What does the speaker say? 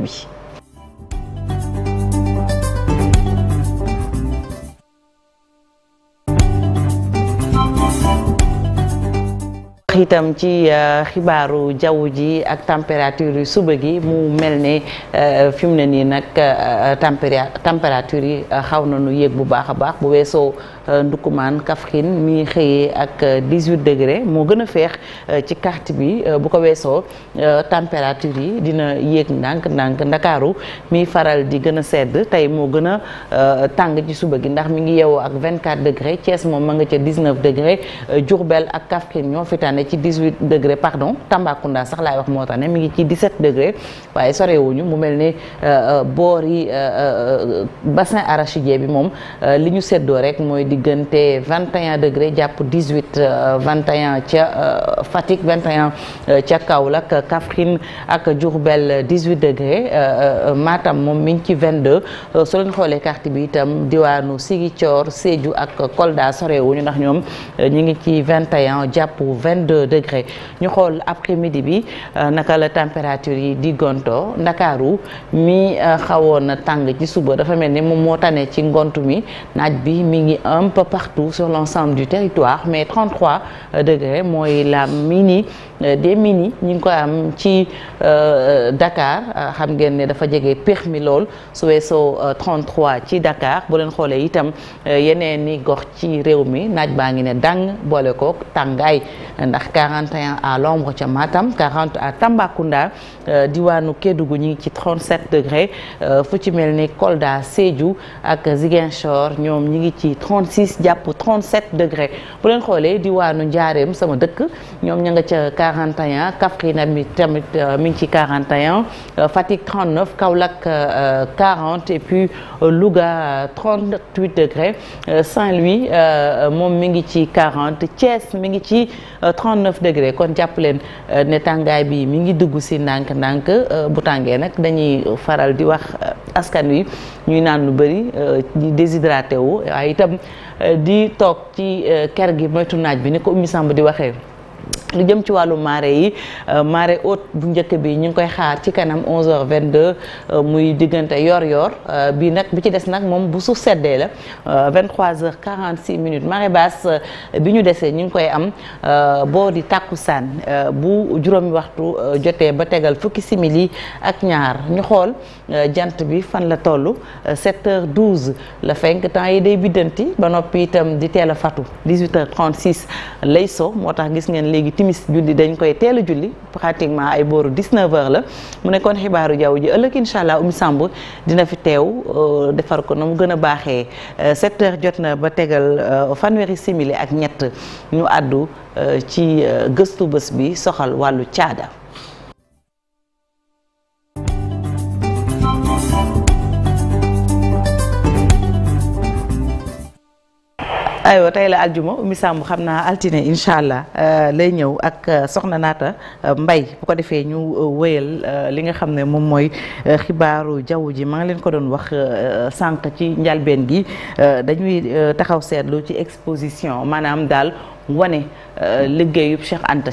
bi wax itam ci euh, xibaaru jaww ji ak température yi suba gi mu mel ne euh, fi mu ne nii nag euh, tempéra température yi xaw na nu yéeg bu baax a baax bu weesoo Ndoukoumane Kaffrine mi xëyee ak 18 degré moo gën a feex ci kart bi bu ko weesoo température yi dina yéeg ndànk ndànk ndakaaru mi faral di gën a sedd tey moo gën a tàng ci suba gi ndax mi ngi yeewoo ak 24 degré Thiès moom ma nga ca 19 degré Diourbel ak Kaffrine ñoo fi tane ci 18 degré pardon Tambacounda sax laay wax moo tane mi ngi ci 17 degré waaye sorewuñu mu mel ni boor yi bassin arachidier bi moom euh, li ñu seddoo rek mooy diggante 21 degré jàpp 18 21 euh, ca euh, Fatick 21 ca Kaolack Kaffrine ak Diourbel 18 degré Matam moom mi ngi ci 22 soo leen xoolee carte bi itam diwaanu Ziguinchor Sédhiou ak Kolda sorewuñu ndax ñoom ñi ngi ci 21 jàpp 22 2 degrés ñu xool après midi bi euh, naka la température yi di gonto ndakaaru mi euh, xawoon na tàng ci suba dafa mel ni moom moo tane ci ngont mi naaj bi mi ngi un peu partout sur l'ensemble du territoire mais 33 euh, degrés mooy la ni des mini ñu ngi koy am ci dakaar xam ngeen ne dafa jege péex mi lool su weesoo 33 ci dakaar bu leen xoolee itam yeneen ni gox ci réew mi naaj baa ngi ne dàng boole ko tàngaay ndax ndax 41 à l'ombre ca Matam 40 à Tambacounda euh, diwaanu Kédougou ñi ngi ci 37 degré euh, fu ci mel ni Kolda Sédhiou ak Ziguinchor ñoom ñi ngi ci 36 jàpp 37 degré bu leen xoolee diwaanu Njaareem sama dëkk ñoom ña nga ca 41 Kaffrine mi tamit euh, mi ngi ci 41 Fatick 39 Kaolack 40 et puis Louga 38 degré Saint-Louis moom mi ngi ci 40 mi ngi ci 39 degré kon jàpp leen euh, ne tàngaay bii mi ngi dugg si ndànk-ndànk euh, bu tàngee nag dañuy faral di wax euh, askan wi ñuy naan lu bëri di déshydraté wu waaye itam di toog ci ker gi moytu naaj bi ni ko Oumy Samb di waxee. lu jëm ci wàllu marée yi euh, marée haute bu njëkk bi ñu ngi koy xaar ci kanam 11h22 euh, muy diggante yor-yor euh, bi nag bi ci des nag moom bu suuf seddee la 23h46 minutes marée baas bi ñu desee ñu ngi koy am boo di tàkkusaan bu juróomi waxtu jotee ba tegal fukki simili ak ñaar ñu xool jant bi fan la toll 7h12 la fenk temps yi day biddanti ba noppi itam di teel a fatu 18 lay so moo tax gis ngeen léegi. timis julli dañ koy teel a julli pratiquement ay booru 19h la mu nekkoon xibaaru jaww ji ëllëg incha allah Oumy Samb dina fi teew euh, defar ko na mu gën a baaxee 7 euh, jot na ba tegal euh, fanweeri simili ak ñett ñu àddu ci gëstu bés bi soxal wàllu caada. aywa tey la aljuma Oumy Samb xam naa altine incha allah euh, lay ñëw ak euh, soxna naata euh, mbay bu ko defee ñu wëyal li nga xam ne moom mooy xibaaru jaww ji maa ngi leen ko doon wax sànq ci njalbeen gi dañuy taxaw seetlu ci exposition maanaam daal wane liggéeyub Cheikh Anta